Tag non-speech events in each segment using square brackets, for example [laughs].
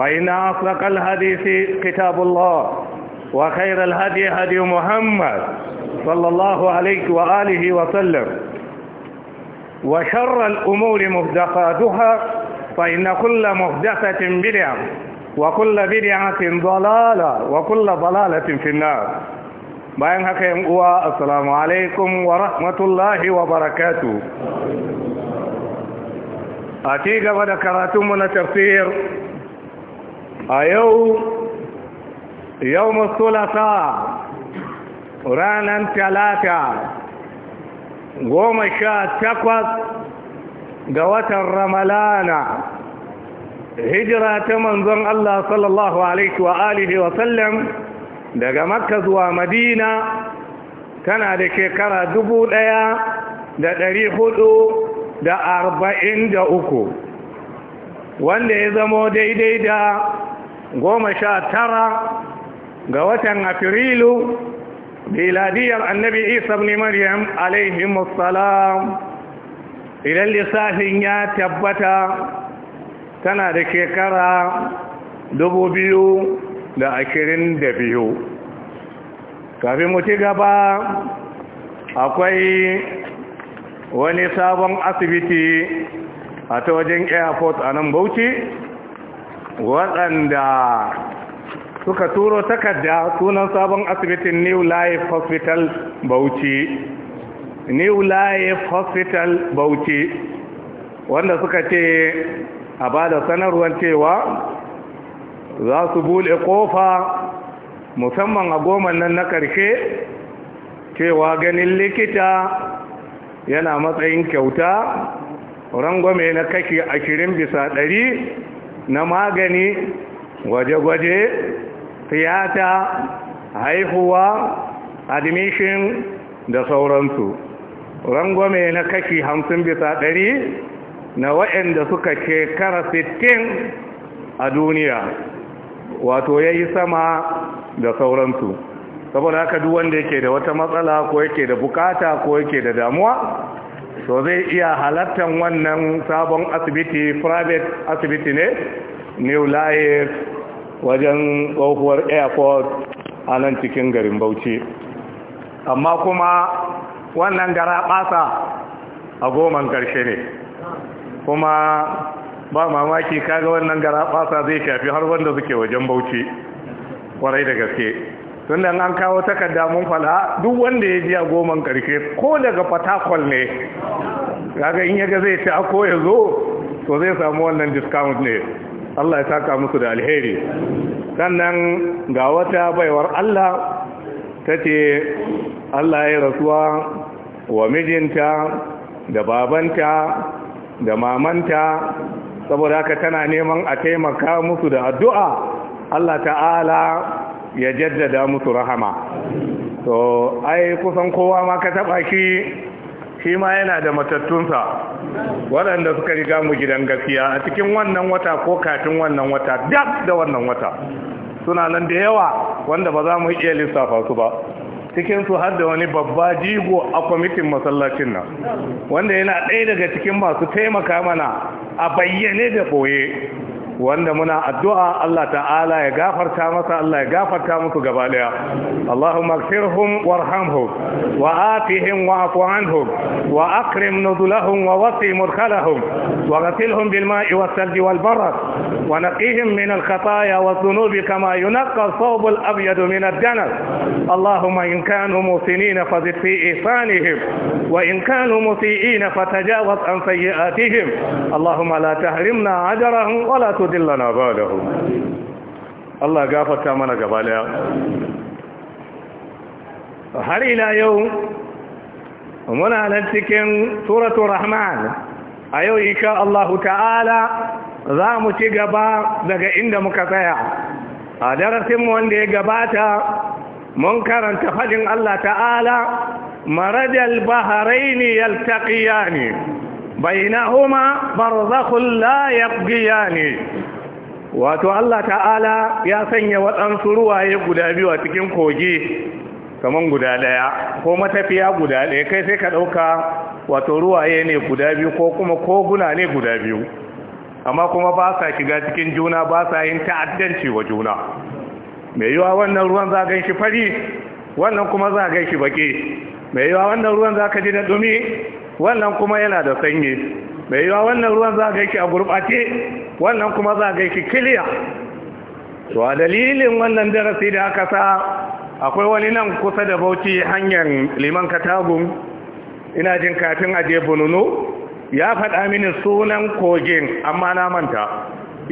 فإن أصدق الحديث كتاب الله وخير الهدي هدي محمد صلى الله عليه وآله وسلم وشر الأمور مهدفاتها فإن كل مهدفة بدعة وكل بدعة ضلالة وكل ضلالة في النار bayan haka yan uwa assalamu alaikum wa rahmatullahi wa barakatu a a yau yau masulasa ranar talata goma sha takwas ga watan ramalana hijira ta manzon Allah sallallahu alaihi wa alihi wa sallam daga makka zuwa madina tana da shekara dubu ɗaya da ɗari hudu da arba'in da uku wanda ya zamo daidai da goma sha tara ga watan afirilu biladiyar annabi isa ne maryam alaihimussalam idan lissafin ya tabbata tana da shekara dubu biyu da ashirin da biyu kafin mu ci gaba akwai wani sabon asibiti a ta wajen airport a nan bauchi waɗanda suka turo takarda sunan sabon asibitin new life hospital bauchi new life hospital bauchi wanda suka ce a ba da sanarwar cewa za su bule kofa musamman a goma nan na ƙarshe, cewa ganin likita yana matsayin kyauta rangwame na kashi ashirin bisa ɗari na magani gwaje-gwaje tiyata haihuwa admission da sauransu rangwame na kashi hamsin bisa ɗari na waɗanda suka shekara sittin a duniya wato ya yi sama da sauransu saboda haka duk wanda yake da wata matsala ko yake da bukata ko yake da damuwa to zai iya halartar wannan sabon asibiti private asibiti ne new life wajen tsohuwar airport a nan cikin garin bauchi amma kuma wannan gara ƙasa a goman ƙarshe ne kuma ba mamaki kaga wannan gara ƙasa zai shafi har wanda suke wajen bauchi kwarai da gaske tun da an kawo takarda mun fada duk wanda ya ji a goma karshe ko daga fatakwal ne kaga in yaga zai ci ako ya zo to zai samu wannan discount ne Allah ya saka musu da alheri sannan ga wata baiwar Allah ta ce Allah ya rasuwa wa mijinta da babanta da mamanta saboda haka tana neman a taimaka musu da addu'a Allah ta'ala ya jaddada musu rahama to ai kusan kowa ma ka taba shi shi ma yana da matattunsa waɗanda suka riga mu gidan gaskiya a cikin wannan wata ko kafin wannan wata dab da wannan wata suna nan da yawa wanda ba za mu iya lissafa su ba cikinsu har da wani babba jigo a kwamitin masallacin nan wanda yana ɗaya daga cikin masu taimaka mana a bayyane da ɓoye wanda muna addu'a Allah ta'ala ya gafarta masa Allah ya gafarta muku gaba daya Allahumma ighfirhum warhamhum wa atihim wa'fu anhum wa akrim nuzulahum wa wasi murkalahum wa ghsilhum bil ma'i was salji wal barad wa naqihim min al khataya wa dhunubi kama yunqa al al thawb yunqqa الثوب الابيض من الدنس اللهم ان كانوا محسنين فزد في احسانهم وان كانوا مسيئين فتجاوز an sayiatihim Allahumma la tahrimna ajrahum wa la مضلنا بعده الله غفرت mana gaba daya har ila yau muna nan cikin suratul rahman a yau insha Allah ta'ala za mu ci gaba daga inda muka tsaya a darasin mu wanda ya gabata mun karanta fadin Allah ta'ala marajal bahraini yaltaqiyani bainahuma barzakhun la yabghiyani wato Allah ta'ala ya sanya waɗansu ruwaye guda biyu a cikin koge kaman guda daya ko matafiya guda daya kai sai ka dauka wato ruwaye ne guda biyu ko kuma koguna ne guda biyu amma kuma ba sa shiga cikin juna ba sa yin ta'addanci wa juna mai yiwa wannan ruwan za gan shi fari wannan kuma za gan shi baki mai yiwa wannan ruwan za ka ji da dumi wannan kuma yana da sanyi mai yiwa wannan ruwan za ga yake a gurɓace wannan kuma za ga yake kiliya to a dalilin wannan darasi da aka sa akwai wani nan kusa da bauchi hanyar liman katagun ina jin kafin aje bununu ya faɗa mini sunan kogin amma na manta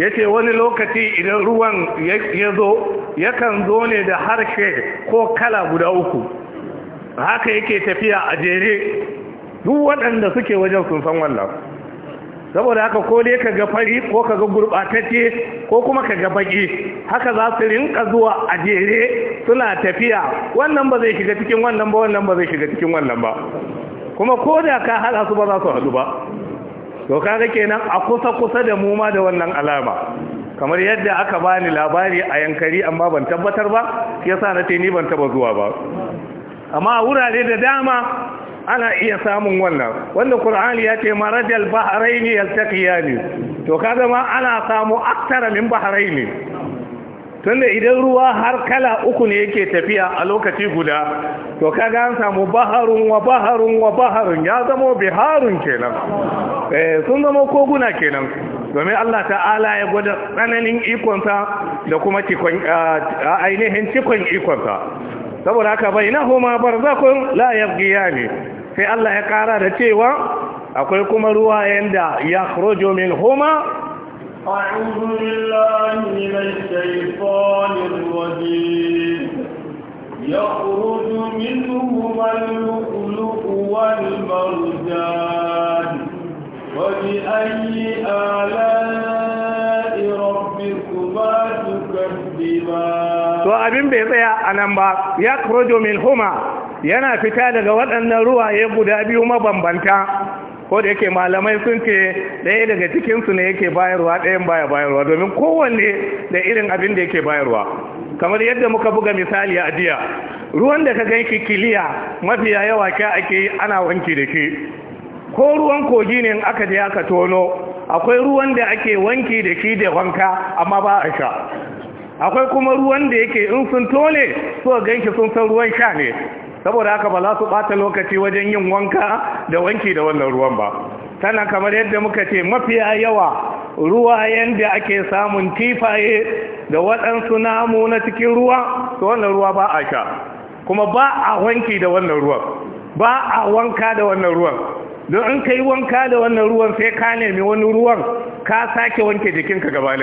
ya ce wani lokaci idan ruwan ya zo yakan zo ne da harshe ko kala guda uku haka yake tafiya a jere duk waɗanda suke wajen sun san wannan saboda haka ko dai ka ga fari ko ka ga gurɓatacce ko kuma ka ga baki haka za su rinka zuwa a jere suna tafiya wannan ba zai shiga cikin wannan ba wannan ba zai shiga cikin wannan ba kuma ko da ka hada su ba za su haɗu ba to kaga kenan a kusa kusa da mu ma da wannan alama kamar yadda aka bani labari a yankari amma ban tabbatar ba yasa na ce ni ban taba zuwa ba amma wurare da dama ana iya samun wannan wanda qur'ani ya ce marajal bahrayni yaltaqiyani to kaga ma ana samu aktara min bahrayni tunda idan ruwa har kala uku ne yake tafiya a lokaci guda to kaga an samu baharun wa baharun wa baharun ya zama biharun kenan eh, sun zama koguna kenan domin Allah ta'ala ya gwada tsananin ikonsa da kuma cikon ainihin cikon ikonsa saboda haka bai bainahuma barzakhun la yabghiyani sai Allah ya kara da cewa akwai kuma ruwa yanda ya khrojo min huma أعوذ بالله من الشيطان الرجيم يخرج منهما اللؤلؤ والمرجان وبأي آلاء ربكما تكذبان وأبن بيضيع أنبا يخرج منهما yana fita daga waɗannan ruwaye guda biyu mabambanta ko da yake malamai sun ce ɗaya daga cikinsu ne yake bayarwa ɗayan baya bayarwa domin kowanne da irin abin da yake bayarwa kamar yadda muka buga misali a jiya ruwan da ka gan shi kiliya mafiya yawa kya ake ana wanki da shi ko ruwan kogi ne aka je aka tono akwai ruwan da ake wanki da shi da wanka amma ba a sha akwai kuma ruwan da yake in sun tole su ganki sun san ruwan sha ne saboda haka ba za su bata lokaci wajen yin wanka da wanki da wannan ruwan ba Tana kamar yadda muka ce mafiya yawa ruwa yadda ake samun kifaye da waɗansu namu na cikin ruwa to wannan ruwa ba a sha kuma ba a wanki da wannan ruwan ba a wanka da wannan ruwan don an kai wanka da wannan ruwan sai ka nemi wani ruwan ka sake wanke jikinka gaba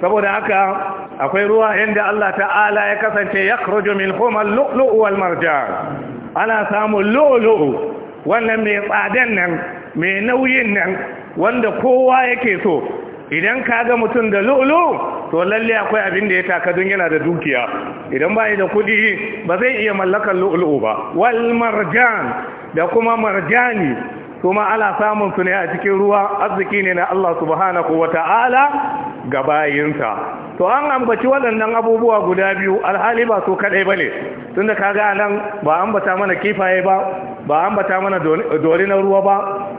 saboda haka akwai ruwa inda Allah ta'ala ya kasance ya kurojo min kuma lu'lu'u wal marjan ana samun lu'lu'u wannan mai tsadan nan mai nauyin nan wanda kowa yake so idan ka ga mutum da lu'lu'u to lalle akwai abin da ya taka don yana da dukiya idan ba da kudi ba zai iya mallakar lu'lu'u ba wal marjan da kuma marjani kuma ana samun su ne a cikin ruwa arziki ne na Allah subhanahu wata'ala ga bayinsa to an ambaci waɗannan abubuwa guda biyu alhali ba su kaɗai ba ne tun da kaga nan ba ambata mana kifaye ba ba ambata mana dorinar ruwa ba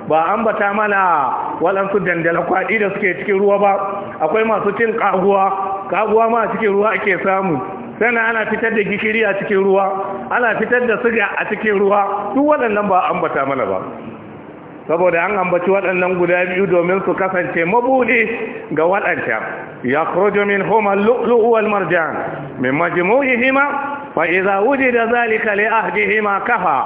ba ambata mana waɗansu dandala kwaɗi da suke cikin ruwa ba akwai masu cin kaguwa kaguwa ma a cikin ruwa ake samu sannan ana fitar da gishiri a cikin ruwa ana fitar da siga a cikin ruwa duk waɗannan ba ambata mana ba saboda an ambaci waɗannan guda biyu domin su kasance mabuɗi ga waɗancan ya kurojo min homa lu'uwal marjan min majimuhi hima fa iza wuji da zalika li ahdi hima kafa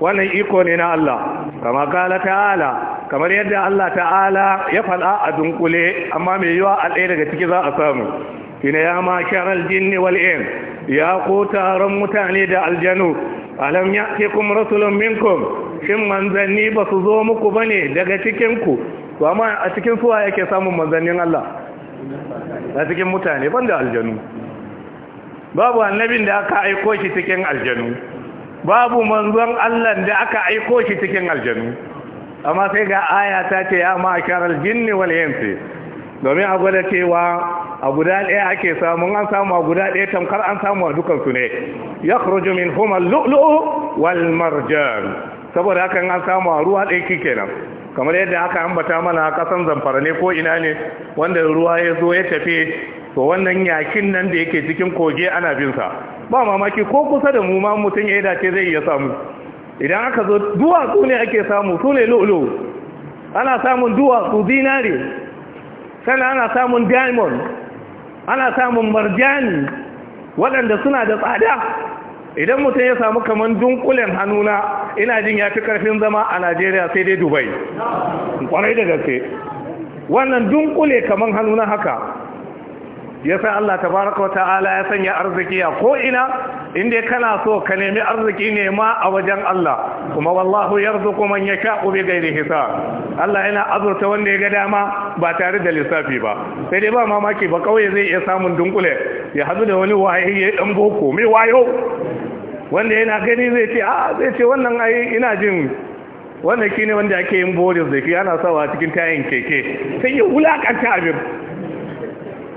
wannan iko ne na Allah kama kala ta'ala kamar yadda Allah ta'ala ya faɗa a dunkule amma mai yiwa a ɗaya daga ciki za a samu shine ya ma sharal jinni wal in ya ko taron mutane da aljanu alam ya'tikum rasulun minkum shin manzanni ba su zo muku ba ne daga cikinku to amma a cikin suwa yake samun manzannin Allah a cikin mutane ban da aljanu babu annabin da aka aiko shi cikin aljanu babu manzon Allah da aka aiko shi cikin aljanu amma sai ga aya ta ce ya ma ma'akarar jinni wal yansi domin a gwada cewa a guda ɗaya ake samun an samu a guda ɗaya tamkar an samu a dukansu ne ya min huma lu'lu'u wal marjan saboda haka an samu a ruwa ɗaya ki kenan kamar yadda aka ambata mana a ƙasan zamfara ne ko ina ne wanda ruwa ya zo ya tafi to wannan yakin nan da yake cikin koge ana bin sa ba mamaki ko kusa da mu ma mutum ya dace zai iya samu idan aka zo duwatsu ne ake samu su ne lolo ana samun duwatsu dinare sannan ana samun diamond ana samun marjani waɗanda suna da tsada idan mutum ya samu kaman dunkulen hannuna ina jin ya fi karfin zama a najeriya sai dai dubai kwarai da gaske wannan dunkule kaman hannuna haka ya sai allah tabaraka wata'ala ya sanya arziki a ko'ina inda kana so ka nemi arziki ne ma a wajen allah kuma wallahu yarzuqu man yasha'u bi ghairi hisab allah yana azurta wanda ya ga dama ba tare da lissafi ba sai dai ba mamaki ba ƙauye zai iya samun dunkule ya hadu da wani waye ya dan boko mai wayo wanda yana gani zai ce a ah, zai ce wannan ai ina jin ki ne wanda ake yin boris da shi ana sawa cikin tayin keke sai ya wulakanta abin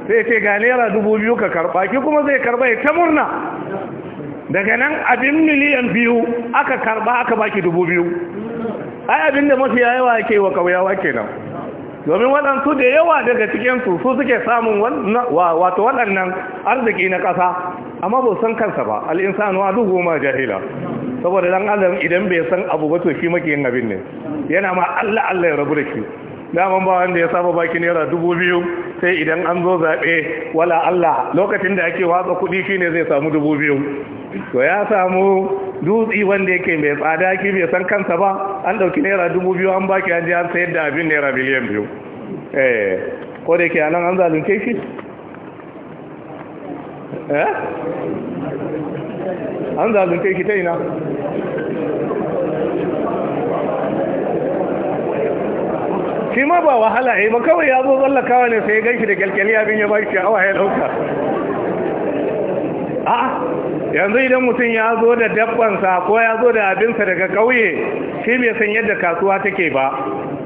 sai ce ga naira dubu biyu ka karba ki kuma zai karba ya ta murna daga nan abin miliyan biyu aka karba aka baki dubu biyu ai abin da mafi yawa ke wa kauyawa kenan domin waɗansu da yawa daga cikinsu su suke samun wato waɗannan arziki na ƙasa amma ba san kansa ba al'insanu a duk goma jahila saboda dan adam idan bai san abu ba to shi yin abin ne yana ma Allah Allah ya rabu da shi daman ba wanda ya saba baki naira dubu biyu sai idan an zo zaɓe wala Allah lokacin da ake watsa kuɗi shine zai samu dubu biyu to ya samu dutsi wanda yake mai tsada ki bai san kansa ba an ɗauki naira dubu biyu an baki an ji an sayar da abin naira biliyan biyu eh ko da ke anan an zalunce shi Eh? an zalunce ki ta ina shi ma ba wahala eh yi ba kawai ya zo tsallakawa ne sai ya ganki da kyalkyali abin ya ba shi awa ya dauka a yanzu idan mutum ya zo da dabbansa ko ya zo da abinsa daga kauye shi bai san yadda kasuwa take ba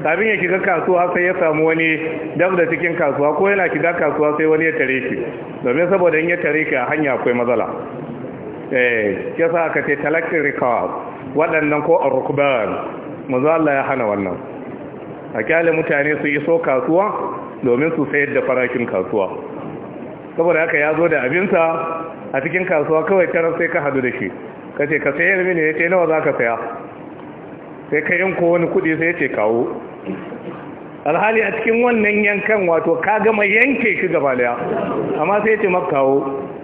kafin ya shiga kasuwa sai ya samu wani dab da cikin kasuwa ko yana shiga kasuwa sai wani ya tare shi domin saboda in ya tare ka hanya akwai matsala eh sa aka ce talakin rikawa waɗannan ko arukban manzo Allah ya hana wannan a kyale mutane su iso kasuwa domin su sayar da farashin kasuwa saboda haka ya zo da abinsa a cikin kasuwa kawai taron sai ka hadu da shi ka ce ka sayar mini ya ce nawa za ka saya sai ka yin wani kudi sai ya ce kawo alhali a cikin wannan yankan wato ka gama yanke shi gaba daya amma sai ya ce maka kawo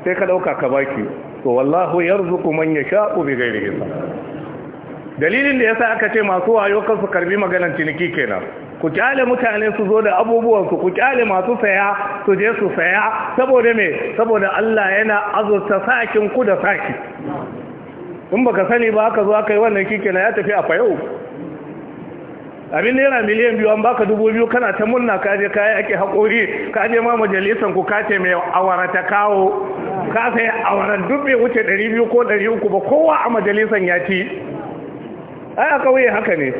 sai ka dauka ka baki to wallahu yarzuku man yasha'u bi ghairi hisab dalilin da yasa aka ce masu wayo kan su karbi maganar ciniki kenan ku kyale mutane su zo da abubuwansu ku kyale masu saya su je su saya saboda me saboda Allah yana azurta sakin ku da saki in baka sani ba aka zo aka yi wannan kike na ya tafi a fayau abin naira miliyan biyu an baka dubu biyu kana ta munna ka je kayi ake haƙori ka je ma majalisan ku kace mai awara ta kawo ka sai awaran duk bai wuce ɗari biyu ko ɗari uku ba kowa a majalisan ya ci ai a kauye haka ne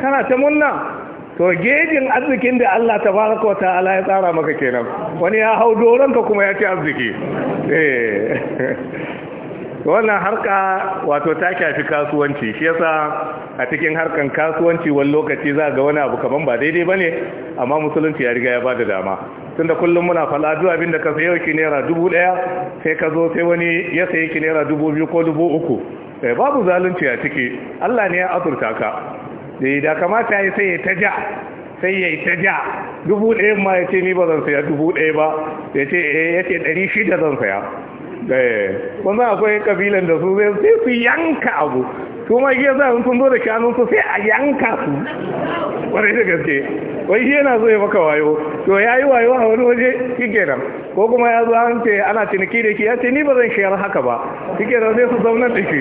kana ta munna. to gejin arzikin da Allah ta fara kota ta'ala ya tsara maka kenan wani ya hau doron ka kuma ya ci arziki eh. [laughs] wannan harka wato ta kyafi kasuwanci shi yasa a cikin harkan kasuwanci wani lokaci za ga wani abu kaman ba daidai ne? amma musulunci ya riga ya ba da dama tunda kullum muna fala duk abin ka sayo ki naira dubu ɗaya sai ka zo sai wani ya sayi ki naira dubu biyu ko dubu uku eh, babu zalunci a ciki Allah ne ya azurta ka sai eh, da kamata ya sai ya ta ja sai ya yi ta ja dubu ɗaya ma ya ce ni ba zan saya dubu ɗaya ba ya ce eh, ya ce ɗari shida zan saya eh, kun za akwai kabilan da su zai su yanka abu su ma shi yasa sun zo da su sai a yanka su wani da gaske wai shi yana zo ya maka wayo to ya yi wayo a wani waje shi kenan ko kuma ya zo an ce ana ciniki da shi ya ce ni ba zan shayar haka ba shi kenan sai su zaunar da shi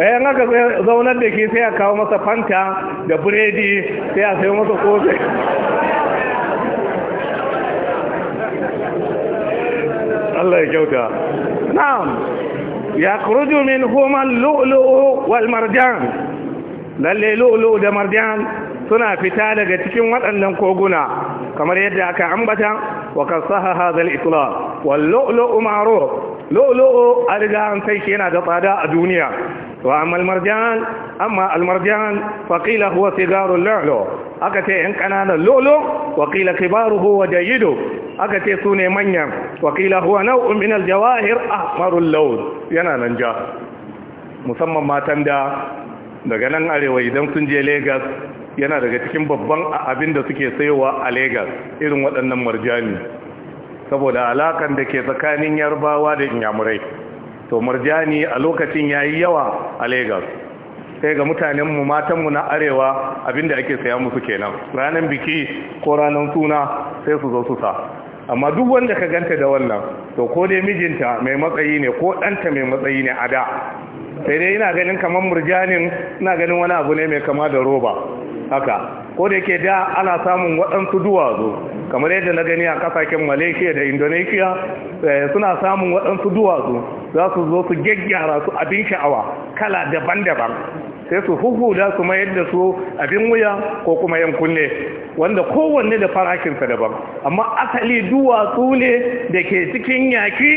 eh aka zaunar da ke sai a kawo masa fanta da biredi sai a sayo masa kosai Allah ya kyauta na'am ya kuruju min huma lu'lu'u wal marjan lalle lu'lu'u da marjan suna fita daga cikin waɗannan koguna kamar yadda aka ambata wa kasaha hadha al-itlaq wal lu'lu'u ma'ruf lo'olo'o a riga an shi yana da tsada a duniya wa amma almarjan amma almarjan faƙila huwa lalo aka ce ‘yan ƙananan lolo waƙila kibaru huwa da yido aka ce su ne manyan waƙila huwa nau'un min aljawahir ahmarun laun yana nan ja musamman matan da daga nan arewa idan sun je Legas yana daga cikin babban abin da suke sayowa a Legas irin waɗannan marjani saboda alakan da ke tsakanin yarbawa da inyamurai to murjani a lokacin yayi yawa a Legas. sai ga mutanenmu matanmu na arewa abinda ake saya musu kenan ranar biki ko ranar suna sai su zo su sa amma duk wanda ka ganta da wannan to ko dai mijinta mai matsayi ne ko ɗanta mai matsayi ne a da sai dai ina ganin kamar murjanin ina ganin wani abu ne mai kama da roba haka ko da yake da ana samun waɗansu duwatsu kamar yadda na gani a kasashen malaysia da indonesia eh, suna samun waɗansu duwatsu za su zo su gyaggyara su abin sha'awa kala daban-daban sai su huhuda su mayar da su abin wuya ko kuma yan kunne wanda kowanne da farashinsa daban amma asali duwatsu ne da ke cikin yaki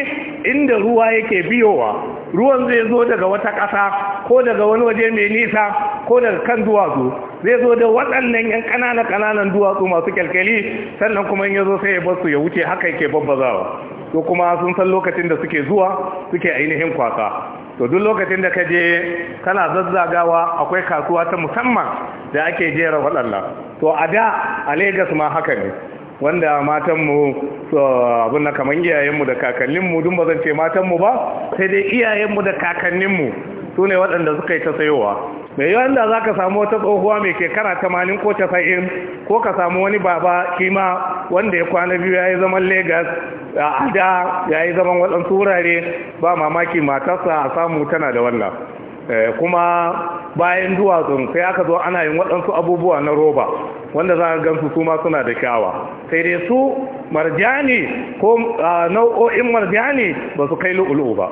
inda ruwa yake biyowa ruwan zai zo daga wata ƙasa ko daga wani waje mai nisa ko daga kan duwatsu zai zo da waɗannan yan ƙananan ƙananan duwatsu masu kyalkyali sannan kuma in ya zo sai ya bar ya wuce haka yake babbazawa to kuma sun san lokacin da suke zuwa suke ainihin kwasa to duk lokacin da ka je kana zazzagawa akwai kasuwa ta musamman da ake jera waɗannan to a da a lagos ma haka ne wanda matanmu abin na kamar iyayenmu da kakanninmu dun ba zan ce matanmu ba sai dai iyayenmu da kakanninmu su ne waɗanda suka yi ta sayowa mai yi wanda za ka samu wata tsohuwa mai shekara tamanin ko casa'in ko ka samu wani baba kima wanda ya kwana biyu ya yi zaman Legas a ada ya yi zaman waɗansu wurare ba mamaki matarsa a samu tana da wannan eh, kuma bayan duwatsun sai aka zo ana yin waɗansu abubuwa na roba wanda za a gansu su ma suna da kyawa sai dai su marjani ko nau'o'in marjani ba su kai lu'ulu ba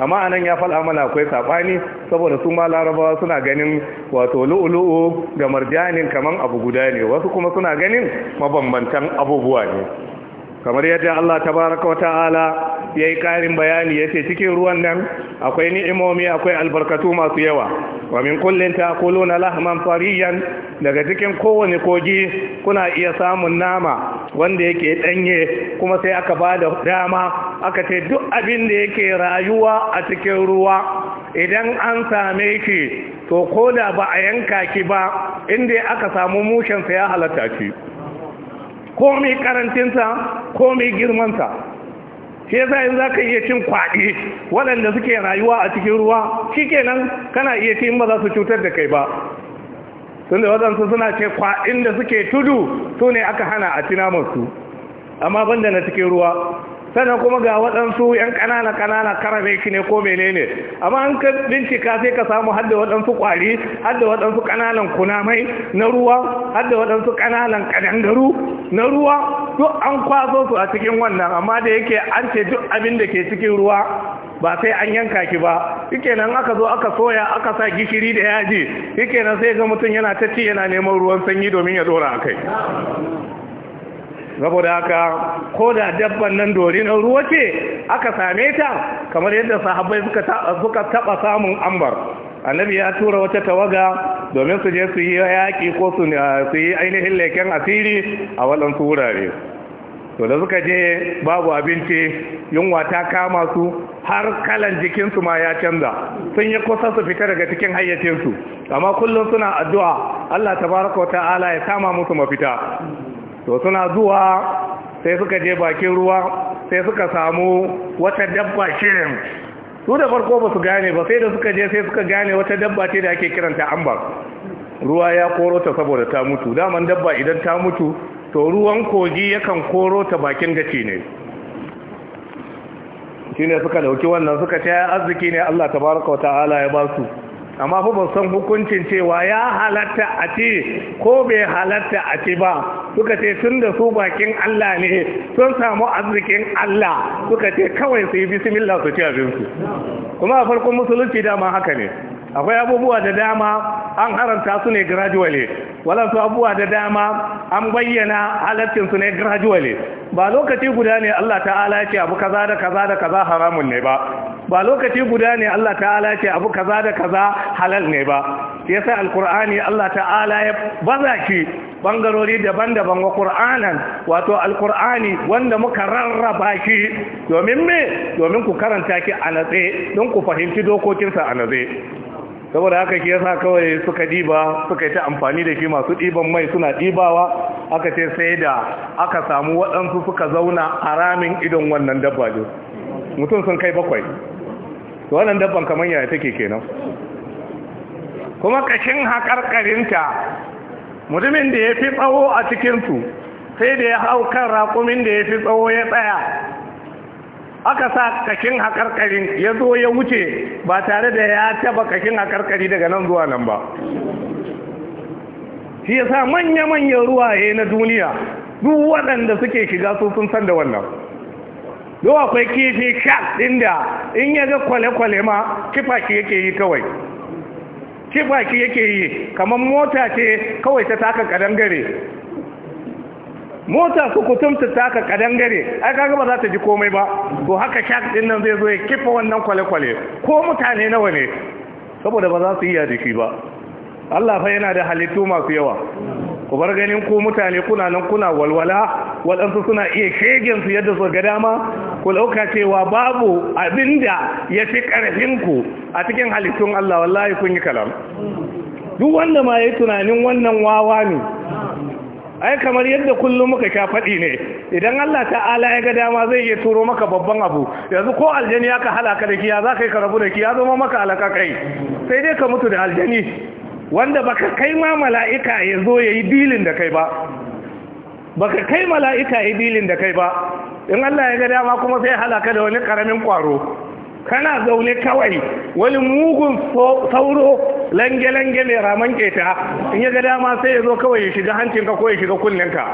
amma anan ya faɗa mana akwai sabani saboda su ma larabawa suna ganin wato lu'ulu'u da marjanin kaman abu guda ne wasu kuma suna ganin mabambantan abubuwa ne kamar yadda Allah baraka wa ta'ala ya yi ƙarin bayani ya ce cikin ruwan nan akwai ni'imomi akwai albarkatu masu yawa wa min kullin na lahman fariyan daga cikin kowane kogi kuna iya samun nama wanda yake ɗanye kuma sai aka ba da dama aka ce duk abin da yake rayuwa a cikin ruwa idan an same ki to ko da ba a yanka ki ba inda aka samu mushensa ya halatta ki komai karantinsa komai girmansa shi yasa in za ka iya cin kwaɗe waɗanda suke rayuwa a cikin ruwa shi kenan kana iya cin ba za su cutar da kai ba tunda waɗansu suna ce kwaɗin da suke tudu su ne aka hana a ci namansu amma banda na cikin ruwa sannan kuma ga waɗansu 'yan ƙanana ƙanana karame shi ne ko menene amma an ka bincika sai ka samu hadda waɗansu ƙwari hadda waɗansu ƙananan kunamai na ruwa hadda waɗansu ƙananan ƙadangaru na ruwa duk an kwaso su a cikin wannan amma da yake an ce duk abin da ke cikin ruwa ba sai an yanka ki ba yake nan aka zo aka soya aka sa gishiri da yaji yake nan sai ga mutum yana ta ci yana neman ruwan sanyi domin ya ɗora a kai saboda haka ko da dabban nan dorinar ruwa ce aka same ta kamar yadda sahabbai suka taba samun ambar annabi ya tura wata tawaga domin su je su yi yaƙi ko su yi ainihin leken asiri a waɗansu wurare to da suka je babu abinci yunwa ta kama su har kalan jikinsu ma ya canza sun yi kusa su fita daga cikin hayyacinsu amma kullum suna addu'a Allah tabaraka wa ta'ala ya sama musu mafita to suna zuwa sai suka je bakin ruwa sai suka samu wata dabba shirin su da farko ba su gane ba sai da suka je sai suka gane wata dabba ce da ake kiranta ambar ruwa ya koro ta saboda ta mutu daman dabba idan ta mutu to ruwan kogi yakan koro ta bakin gaci ne shine suka dauki wannan suka ce arziki ne Allah wa ta'ala ya ba su amma fa ban san hukuncin cewa ya halatta a ce ko bai halatta a ce ba suka ce tun da su bakin Allah ne sun samu arzikin Allah suka ce kawai su yi bismillah su ci abinsu kuma a farkon musulunci dama haka ne akwai abubuwa da dama an haranta su ne gradually walansu abubuwa da dama an bayyana halaccin su ne gradually ba lokaci guda ne Allah ta'ala ce abu kaza da kaza da kaza haramun ne ba ba lokaci guda ne Allah ta'ala ce abu kaza da kaza halal ne ba yasa alkur'ani Allah ta'ala ya baza ki bangarori daban-daban wa qur'anan wato alkur'ani wanda muka rarraba shi domin me domin ku karanta ki a natse don ku fahimci dokokinsa a natse saboda haka shi yasa kawai suka diba suka yi ta amfani da shi masu diban mai suna dibawa aka ce sai da aka samu waɗansu suka zauna a ramin idon wannan dabba ne mutum sun kai bakwai To wannan dabban kamar yaya take kenan kuma kashin haƙarƙarinta mutumin da ya fi tsawo a cikinsu sai da ya hau kan raƙumin da ya fi tsawo ya tsaya aka sa kashin hakarkarin ya zo ya wuce ba tare da ya taba kashin hakarkari daga nan zuwa nan ba shi ya sa manya-manyan ruwaye na duniya duk waɗanda suke shiga su sun san da wannan duk akwai kifi shak ɗin da in ya ga kwale-kwale ma kifa shi yake yi kawai Kifa shi yake yi kamar mota ce kawai ta taka kadangare mota ku ka taka kadangare ai kaga ba za ta ji komai ba to haka shark din nan zai zo ya kifa wannan kwale-kwale ko mutane nawa ne saboda ba za su iya da shi ba Allah fa yana da halittu masu yawa ku bar ganin ku mutane kuna nan kuna walwala waɗansu suna iya shegen su yadda su ga dama ku lauka cewa babu abinda ya fi ƙarfin ku a cikin halittun Allah wallahi kun yi kalam duk wanda ma yayi tunanin wannan wawa ne ai kamar yadda kullum muka sha faɗi ne idan Allah ta'ala ya ga dama zai iya turo maka babban abu yanzu ko aljani ya ka halaka da kiya za ka yi ka rabu da kiya zama maka halaka kai sai dai ka mutu da aljani wanda baka kai ma mala'ika ya zo ya yi dilin da kai ba baka kai mala'ika ya yi dilin da kai ba in Allah ya ga dama kuma sai halaka da wani karamin kwaro kana zaune kawai wani mugun sauro lange-lange mai raman keta in ya ga dama sai ya zo kawai ya shiga hancinka ko ya shiga kullinka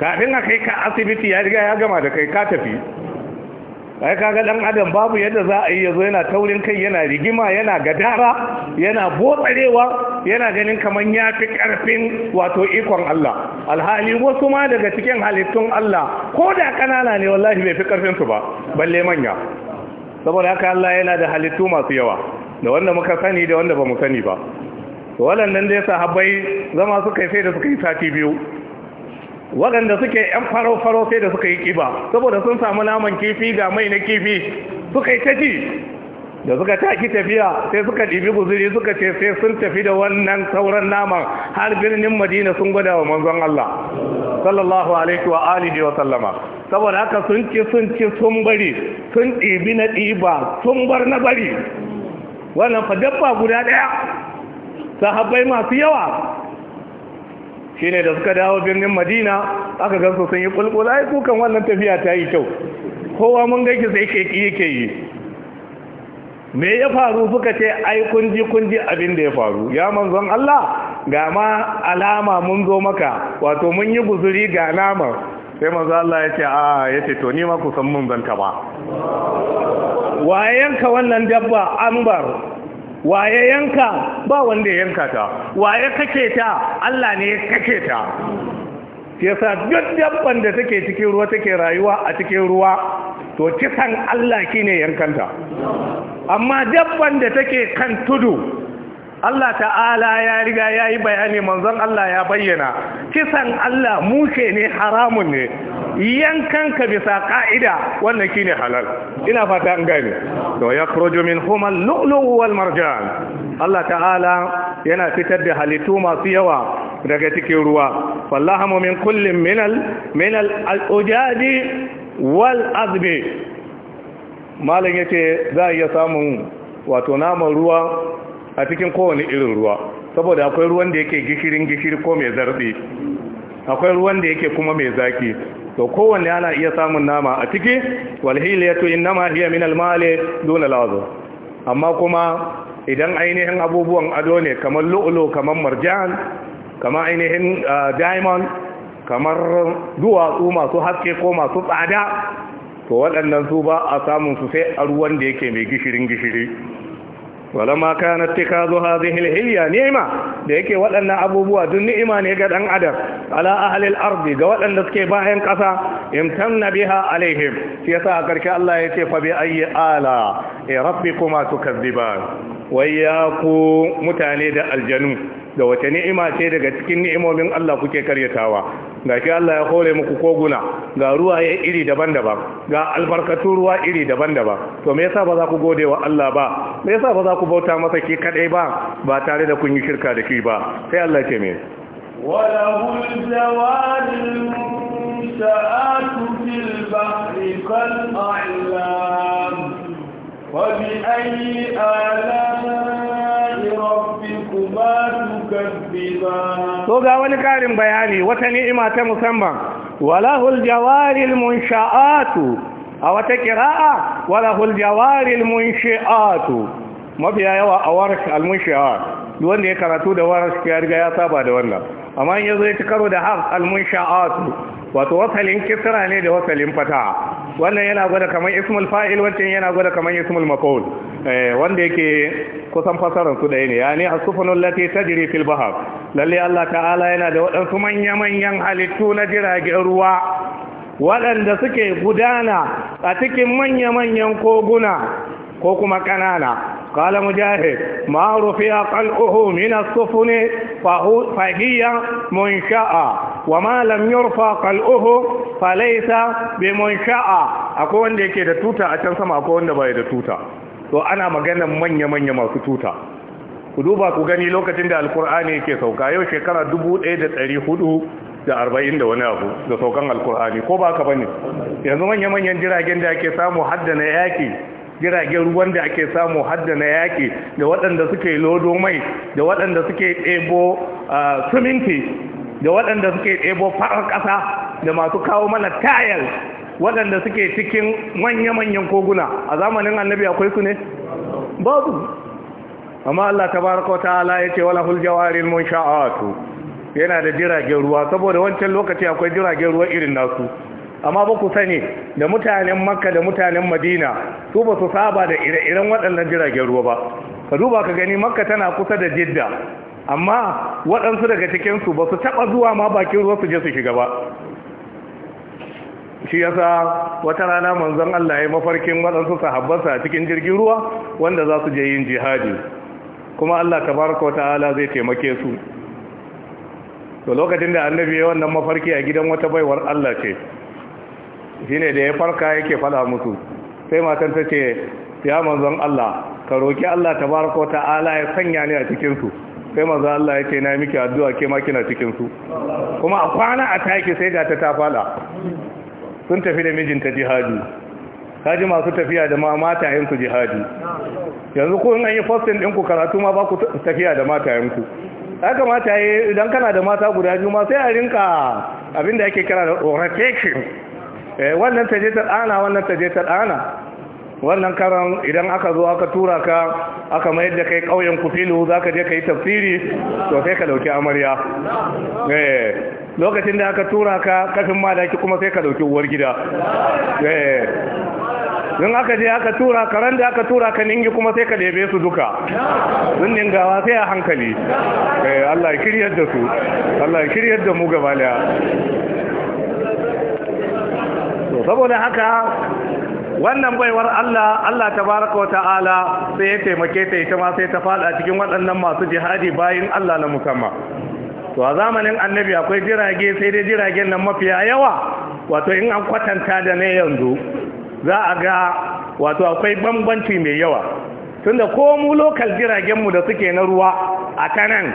kafin a kai ka asibiti ya riga ya gama da kai ka tafi ai kaga dan adam babu yadda za a yi ya zo yana taurin kai yana rigima yana gadara yana botsarewa yana ganin kamar ya fi karfin wato ikon Allah alhali wasu ma daga cikin halittun Allah ko da kanana ne wallahi bai fi karfin su ba balle manya saboda haka Allah yana da halittu masu yawa da wanda muka sani da wanda ba mu sani ba waɗannan dai sahabbai zama suka yi sai da suka yi sati biyu waɗanda suke yan faro-faro sai da suka yi kiba saboda sun samu naman kifi ga mai na kifi suka yi ta da suka taki tafiya sai suka ɗibi guzuri suka ce sai sun tafi da wannan sauran naman har birnin madina sun gwada wa manzon Allah sallallahu alaihi wa alihi wa sallama saboda haka sun ci sun ci sun bari sun ɗibi na ɗiba sun bar na bari wannan fa dabba guda ɗaya sahabbai masu yawa shine da suka dawo birnin madina aka gansu sun yi kulkula ai kukan wannan tafiya ta yi kyau kowa mun gaiki sai ke yake yi me ya faru suka ce ai kunji kunji abin da ya faru ya manzon Allah ga ma alama mun zo maka wato mun yi guzuri ga alama sai manzon Allah ya ce a ya ce to ni ma ku san mun zanta ba waye yanka wannan dabba ambar waye yanka ba wanda ya yanka ta waye kake ta Allah ne ya kake ta yasa duk dabban da take cikin ruwa take rayuwa a cikin ruwa to kisan Allah shine yankanta amma dabban da take kan tudu Allah ta'ala ya riga ya yi bayani manzon Allah ya bayyana kisan Allah mushe ne haramun ne yankan ka bisa ka'ida wannan shine halal ina fata an gane to yakhruju huma al lulu wal marjan Allah ta'ala yana fitar da halittu masu yawa daga cikin ruwa wallahu min kullin min al min al-ujadi wal azbi malam yake za a iya samun wato naman ruwa a cikin kowane irin ruwa saboda akwai ruwan da yake gishirin gishiri ko mai zarbe akwai ruwan da yake kuma mai zaki to kowanne ana iya samun nama a ciki walhiliyatu innama hiya min almali duna lazu amma kuma idan ainihin abubuwan ado ne kamar lu'lu kamar marjan kamar ainihin ah, diamond kamar duwatsu masu haske ko masu tsada to waɗannan su ba a samun su sai a ruwan da yake mai gishirin gishiri wala ma kana tikazu hadhihi alhilya ni'ma da yake waɗannan abubuwa duk ni'ima ne ga ɗan adam ala ahli arzi ga waɗanda suke bayan ƙasa imtanna biha alaihim shi yasa a ƙarshe Allah yake fa bi ayyi ala e rabbikuma tukazziban ku mutane da aljanu da wace ni'ima ce daga cikin ni'imomin Allah kuke karyatawa ga shi Allah ya hore muku koguna ga ruwa ya iri daban-daban ga albarkatu ruwa iri daban-daban to me yasa ba za ku gode wa Allah ba me yasa ba za ku bauta masa ke kadai ba ba tare da kun yi shirka da shi ba sai Allah ce me وله الجوار المنشآت في to ga wani karin bayani wata ni'ima ta musamman walahul jawaril munsha'atu a wata kira'a walahul jawaril munshi'atu mafiya yawa a warsh al wanda ya karatu da warsh ya riga ya saba da wannan amma in yazo ya ci karo da har al wato wasalin kisra ne da wasalin fata wannan yana gwada kamar ismul fa'il wancan yana gwada kamar ismul maf'ul eh, wanda yake kusan fasaran su ɗaya ne yani as lati tajri fil bahr lalle Allah ta'ala yana da waɗansu manya manyan halittu na jiragen ruwa waɗanda suke gudana a cikin manya manyan koguna ko kuma ƙanana قال مجاهد ما fa hiya munsha'a wa ma lam yurfa qal'uhu fa laysa bi munsha'a akwai wanda yake da tuta a can sama akwai wanda bai da tuta to ana maganar manya-manya masu tuta ku duba ku gani lokacin da alkur'ani yake sauka yau shekara dubu ɗaya da ɗari hudu da arba'in da wani abu da saukan alkur'ani ko ba ka bane yanzu manya-manyan jiragen da ake samu haddana na yaƙi jiragen ruwan da ake samu hadda na yaƙi da waɗanda suke lodo mai da waɗanda suke ɗebo suminti da waɗanda suke ɗebo farar ƙasa da masu kawo mana tayar waɗanda suke cikin manya-manyan koguna a zamanin annabi akwai su ne babu amma Allah ta wa ta'ala ce wala hul mun sha'awatu. yana da jiragen ruwa saboda wancan lokaci akwai jiragen ruwa irin nasu amma ba ku sani da mutanen makka da mutanen madina su ba su saba da ire-iren waɗannan jiragen ruwa ba ka duba ka gani makka tana kusa da jidda amma waɗansu daga cikinsu ba su taɓa zuwa ma bakin ruwa su je su shiga ba shi yasa wata rana manzon Allah ya mafarkin waɗansu sahabbansa a cikin jirgin ruwa wanda za su je yin jihadi kuma Allah tabaraka ta'ala zai taimake su to lokacin da annabi ya wannan mafarki a gidan wata baiwar Allah ce shine da ya farka yake fada mutu sai matan ta ce ya manzon Allah ka roki Allah ta tabaraka ta'ala ya sanya ni a cikinsu. sai manzon Allah ya ce na miki addu'a ke makina cikinsu kuma a kwana a taki sai ga ta ta fada sun tafi da mijinta jihadi kaji masu tafiya da ma yinsu jihadi yanzu ko in an yi fostin ɗinku karatu ma ba ku tafiya da mata matayenku haka yi idan kana da mata guda biyu ma sai a rinka abinda ake kira da rotation Eh, wannan ta je ta ɗana wannan ta je ta ɗana wannan karan idan aka zo aka tura ka aka mayar da kai kauyen kufilu za ka je ka yi tafsiri to sai ka ɗauki amarya eh, lokacin da aka tura ka kafin malaki kuma sai ka ɗauki uwar gida don eh, aka je aka tura karan da aka tura ka ningi kuma sai ka debe su duka don ningawa sai a hankali Eh Allah ya kiryar da su Allah ya kiryar da mu gaba daya saboda haka wannan baiwar Allah Allah tabaraka wa ta'ala sai ya taimake ta ita ma sai ta fada cikin waɗannan masu jihadi bayin Allah na musamman to a zamanin annabi akwai jirage sai dai jiragen nan mafiya yawa wato in an kwatanta da ne yanzu za a ga wato akwai bambanci mai yawa tunda ko mu lokal jiragenmu da suke na ruwa a kanan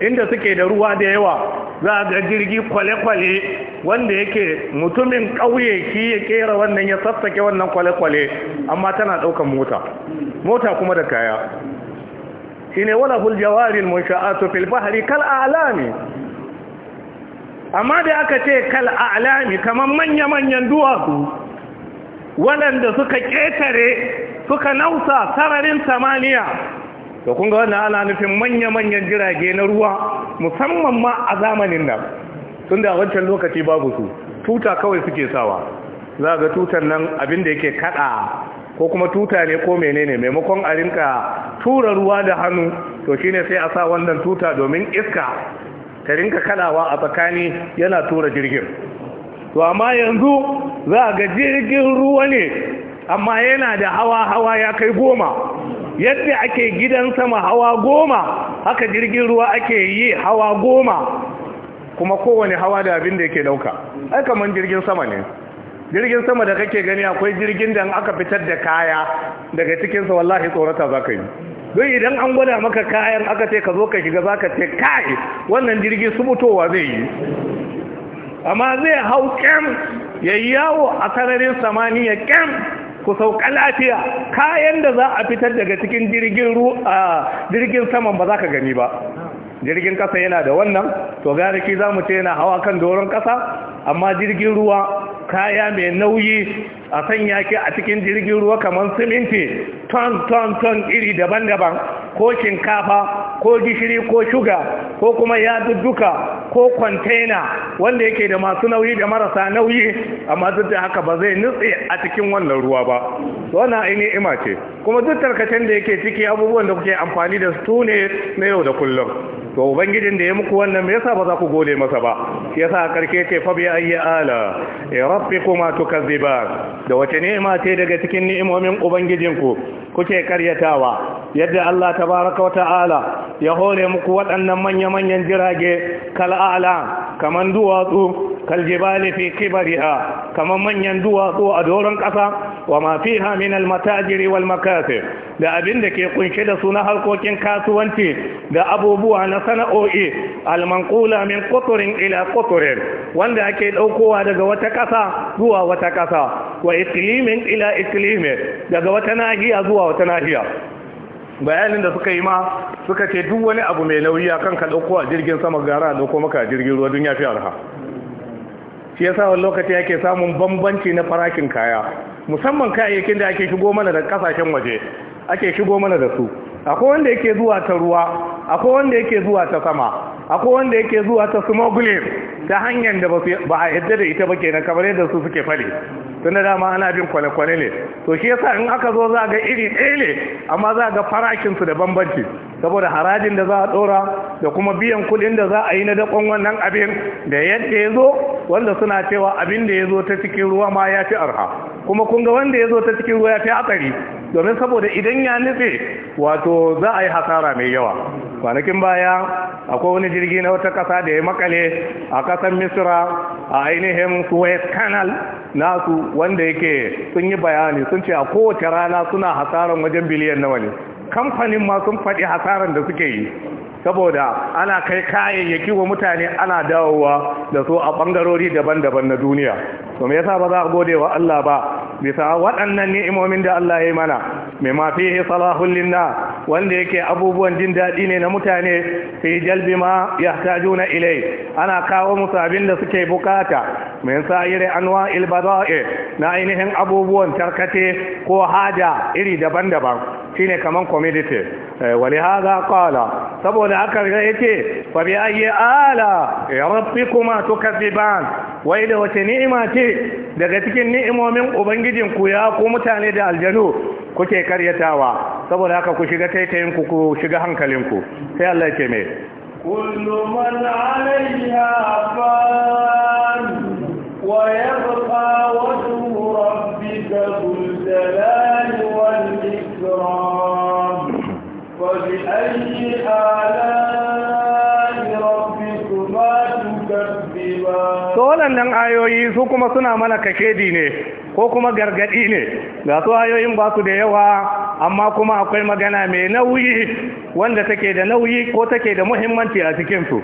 inda suke da ruwa da yawa za a ga jirgi kwale-kwale wanda yake mutumin ƙauye ki ya kera wannan ya sassake wannan kwale-kwale amma tana ɗaukan mota mota kuma da kaya shi ne wala huljawarin munsha'atu fil bahari kal alami amma da aka ce kal alami kamar manya-manyan duwatsu waɗanda suka ƙetare suka nausa sararin samaniya to kun ga wannan ana nufin manya-manyan jirage na ruwa musamman ma a zamanin nan Tunda da wancan lokaci babu su tuta kawai suke sawa za ga tutan nan abin da yake kada ko kuma tuta ne ko menene maimakon a rinka tura ruwa da hannu to shine sai a sa wannan tuta domin iska ta rinka kadawa a tsakani yana tura jirgin to amma yanzu za ga jirgin ruwa ne amma yana da hawa-hawa ya kai goma yadda ake gidan sama hawa goma haka jirgin ruwa ake yi hawa goma kuma kowane hawa da abin da yake dauka ai kaman jirgin sama ne jirgin sama da kake gani akwai jirgin da aka fitar da kaya daga cikinsa wallahi tsorata za ka yi don idan an gwada maka kayan aka ce ka zo ka shiga zaka ka ce kai wannan jirgin su mutowa zai yi amma zai hau kyam ya yawo a sararin samaniya kyam ku sauka lafiya kayan da za a fitar daga cikin jirgin jirgin saman ba za ka gani ba jirgin kasa yana da wannan to ganaki ki za mu ce yana hawa kan doron kasa amma jirgin ruwa kaya mai nauyi a sanya ki a cikin jirgin ruwa kamar siminti ton ton ton iri daban-daban ko shinkafa ko gishiri ko shuga ko kuma yadudduka ko kwantena wanda yake da masu nauyi da marasa nauyi amma duk da haka ba zai nutse a cikin wannan ruwa ba wannan aini ima ce kuma duk tarkacen da yake ciki abubuwan da kuke amfani da su ne na yau da kullum to ubangijin da ya muku wannan me yasa ba za ku gode masa ba yasa karke ce fa bi ayi ala ya rabbi rabbikuma kaziba da wace ni'ima ce daga cikin ni'imomin ubangijinku kuke karyatawa yadda Allah tabaraka wa ta'ala ya hore muku waɗannan manya-manyan jirage kal'ala kamar duwatsu kaljibali fi kibariha kamar manyan duwatsu a doron ƙasa wa ma fiha min almatajiri wal da abin da ke kunshe da su na harkokin kasuwanci da abubuwa na sana'o'i almanqula min quturin ila quturin wanda ake daukowa daga wata ƙasa zuwa wata ƙasa wa iklimin ila iklimin daga wata nahiya zuwa wata nahiya bayanin da suka yi ma suka ce duk wani abu mai nauyi akan ka dauko a jirgin sama gara a dauko maka jirgin ruwa dun ya fi arha shi yasa wani lokaci yake samun bambanci na farakin kaya musamman kayayyakin da ake shigo mana da kasashen waje ake shigo mana da su akwai wanda yake zuwa ta ruwa akwai wanda yake zuwa ta sama akwai wanda yake zuwa ta smuggling ta hanyar da ba a yadda da ita ba ke na kamar yadda su suke fari tunda dama ana bin kwale-kwale ne to shi yasa in aka zo za ga iri ɗaya ne amma za ga farashin su da bambanci saboda harajin da za a ɗora da kuma biyan kuɗin da za a yi na dakon wannan abin da yadda ya zo wanda suna cewa abin da ya zo ta cikin ruwa ma ya fi arha kuma kun ga wanda ya zo ta cikin ruwa ya fi hatsari domin saboda idan ya nufe wato to za a yi hasara mai yawa kwanakin baya akwai wani jirgi na wata kasa da ya makale a kasan misira a ainihin West canal nasu wanda yake sun yi bayani sun ce a kowace rana suna hasaran wajen biliyan nawa ne kamfanin ma sun faɗi hasaran da suke yi saboda ana kai kayayyaki wa mutane ana dawowa da su a bangarori daban-daban na duniya to me yasa ba za a gode wa Allah ba bisa waɗannan ni'imomin da Allah ya yi mana mai ma fihi salahul linna wanda yake abubuwan jin daɗi ne na mutane fi jalbi ma juna ilai ana kawo musu abin da suke bukata min sa'iri anwa'il bada'i na ainihin abubuwan tarkate ko haja iri daban-daban shine kaman commodity eh, wali hada qala saboda da aka riga yake fa bi ayi ala rabbikuma tukazziban wai da wace ni'ima ce daga cikin ni'imomin ubangijin ku ya ku mutane da aljanu kuke karyatawa saboda haka ku shiga taitayin ku ku shiga hankalin ku sai Allah yake me kullu man alayha fan wa yabqa wa rabbika dhul jalali to waɗannan ayoyi su kuma suna mana kakedi ne ko kuma gargadi ne ga su ayoyin ba su da yawa amma kuma akwai magana mai nauyi wanda take da nauyi ko take da muhimmanci a cikinsu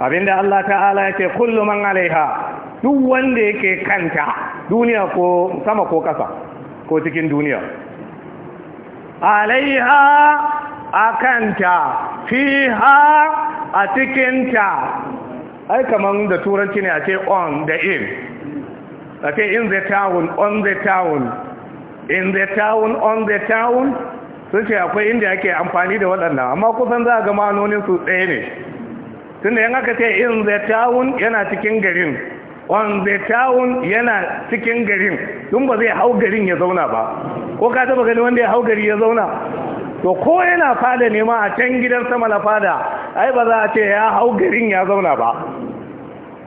abinda Allah ta'ala ya ce kullum man alaiha duk wanda yake kanta duniya ko sama ko ƙasa ko cikin duniya alaiha a kanta fiha a cikinta ai kaman da turanci ne a ce on da in a ce in the town on the town in the town on the town sun ce akwai inda ake amfani da waɗannan amma kusan za a ga ma'anonin su ɗaya ne tunda yan aka ce in the town yana cikin garin on the town yana cikin garin tun ba zai hau garin ya zauna ba ko ka taba gani wanda ya hau gari ya zauna to ko yana fada nema a can gidan sama na fada ai ba za a ce ya hau garin ya zauna ba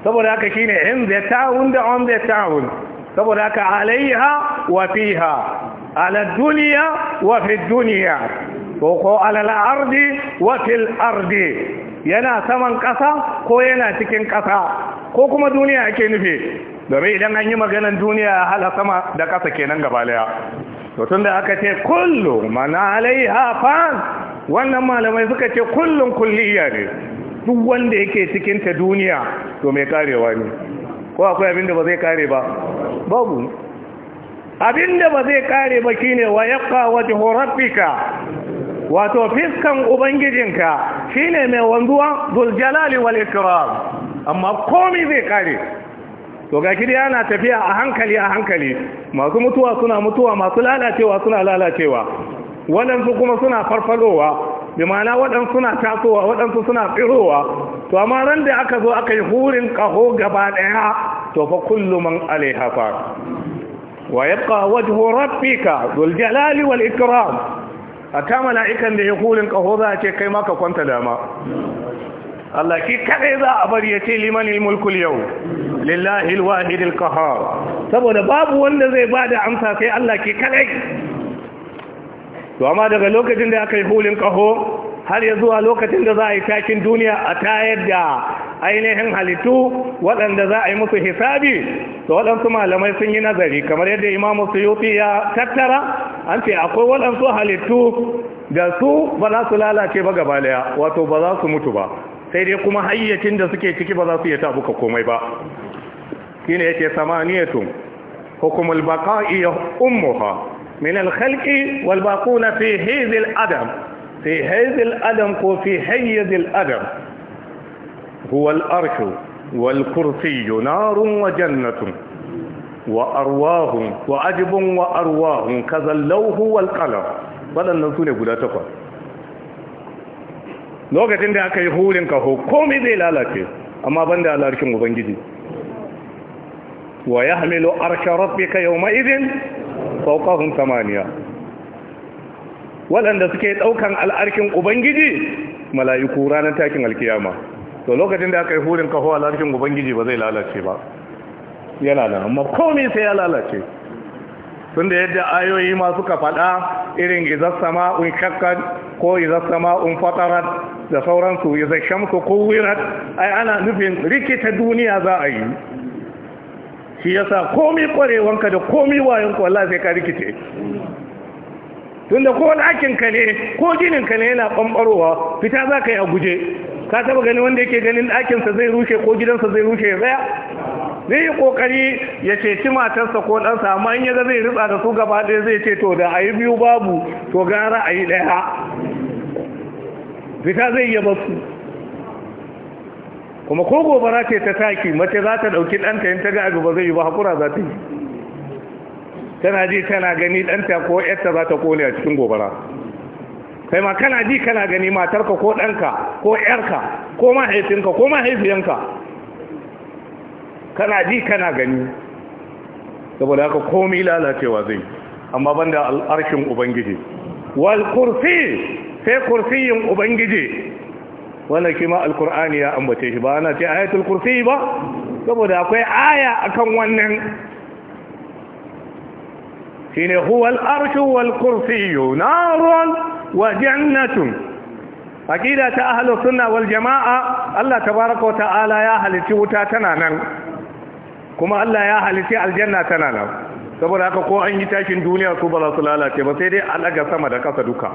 saboda haka shine in the town da on the town saboda haka alaiha wa fiha ala duniya wa fi duniya ko ko al ardi wa fil ardi yana saman kasa ko yana cikin kasa ko kuma duniya ake nufi domin idan an yi maganar duniya hala sama da kasa kenan gaba daya to da aka ce kullu mana alaiha fa wannan malamai suka ce kullun kulliya ne duk wanda yake cikin ta duniya to mai karewa ne ko akwai abin da ba zai kare ba babu abin da ba zai kare ba shine wa yabqa wajhu rabbika wato fiskan ubangijinka shine mai wanzuwa zuljalali wal ikram amma komai zai kare to ga kiri yana tafiya a hankali a hankali masu mutuwa suna mutuwa masu lalacewa suna lalacewa waɗansu kuma suna farfadowa bi mana waɗansu suna tasowa waɗansu suna tsirowa to amma ran da aka zo aka yi hurin kaho gaba ɗaya to fa kullu man alaiha fa wa yabqa wajhu rabbika dhul jalali wal ikram a ikan mala'ikan da ya hurin ƙaho za a ce kai ma ka kwanta dama Allah ki kaɗai za a bari ya ce mulkul yau lillahi alwahidil qahhar saboda babu wanda zai ba da amsa sai Allah ki kaɗai to amma daga lokacin da aka yi hulin kaho har ya zuwa lokacin da za a yi takin duniya a tayar da ainihin halittu waɗanda za a yi musu hisabi to waɗansu malamai sun yi nazari kamar yadda imamu suyuti ya tattara an ce akwai waɗansu halittu da su ba za su lalace ba gaba daya wato ba za su mutu ba sai dai kuma hayyacin da suke ciki ba za su iya tabuka komai ba ne yake samaniyatun hukumul baqa'i ya ummuha min al-khalqi wal baquna fi hadhihi adam fi hadhihi adam ko fi hayyihi al-adam huwa al-arshu wal kursiyyu narun wa jannatun wa arwahun wa ajibun wa arwahun kazallahu wal qalam wadannan sune guda takwas lokacin da aka yi hurin kaho komai zai lalace amma ban da alarkin ubangiji wa ya arshen rabbi ka yau ma'izin saukahun samaniya waɗanda suke ɗaukan al'arkin ubangiji mala'iku ranar takin alkiyama to lokacin da aka yi hurin kaho alarkin ubangiji ba zai lalace ba yana nan amma komai sai ya lalace tun da yadda ayoyi ma suka faɗa irin izar sama un shakkat ko izar sama un fatarat da sauransu izar shamsu kowirat ai ana nufin rikita duniya za a yi shi yasa komi kwarewanka da komi wayan kwallo sai ka rikice tun da ko ka ne ko gininka ne yana ɓanɓarowa fita za ka yi a guje ka taba gani wanda yake ganin ɗakinsa zai rushe ko gidansa zai rushe ya tsaya zai yi kokari ya ceci matarsa ko ɗansa amma in yaga zai ritsa da su gaba ɗaya zai ce to da a yi biyu babu to gara a yi ɗaya fita zai yi basu kuma ko gobara ce ta taki mace za ta ɗauki ɗanta yin ta ga ba zai yi ba hakura za ta yi tana ji tana gani ɗanta ko ƴarta za ta kone a cikin gobara kai ma kana ji kana gani matarka ko ɗanka ko ƴarka ko mahaifinka ko mahaifiyanka kana ji kana gani saboda haka komai lalacewa zai amma banda al'arshin ubangiji wal kursi sai kursiyin ubangiji wannan kima alkur'ani ya ambace shi ba ana ce ayatul kursi ba saboda akwai aya akan wannan shine huwal arshu wal kursiyyu narun wa jannatun aqida ta ahlus sunna wal jamaa Allah tabaaraka wa ta'ala ya halitti wuta tana nan kuma Allah ya halice aljanna tana nan saboda haka ko an yi tashin duniya su ba za su lalace ba sai dai an daga sama da kasa duka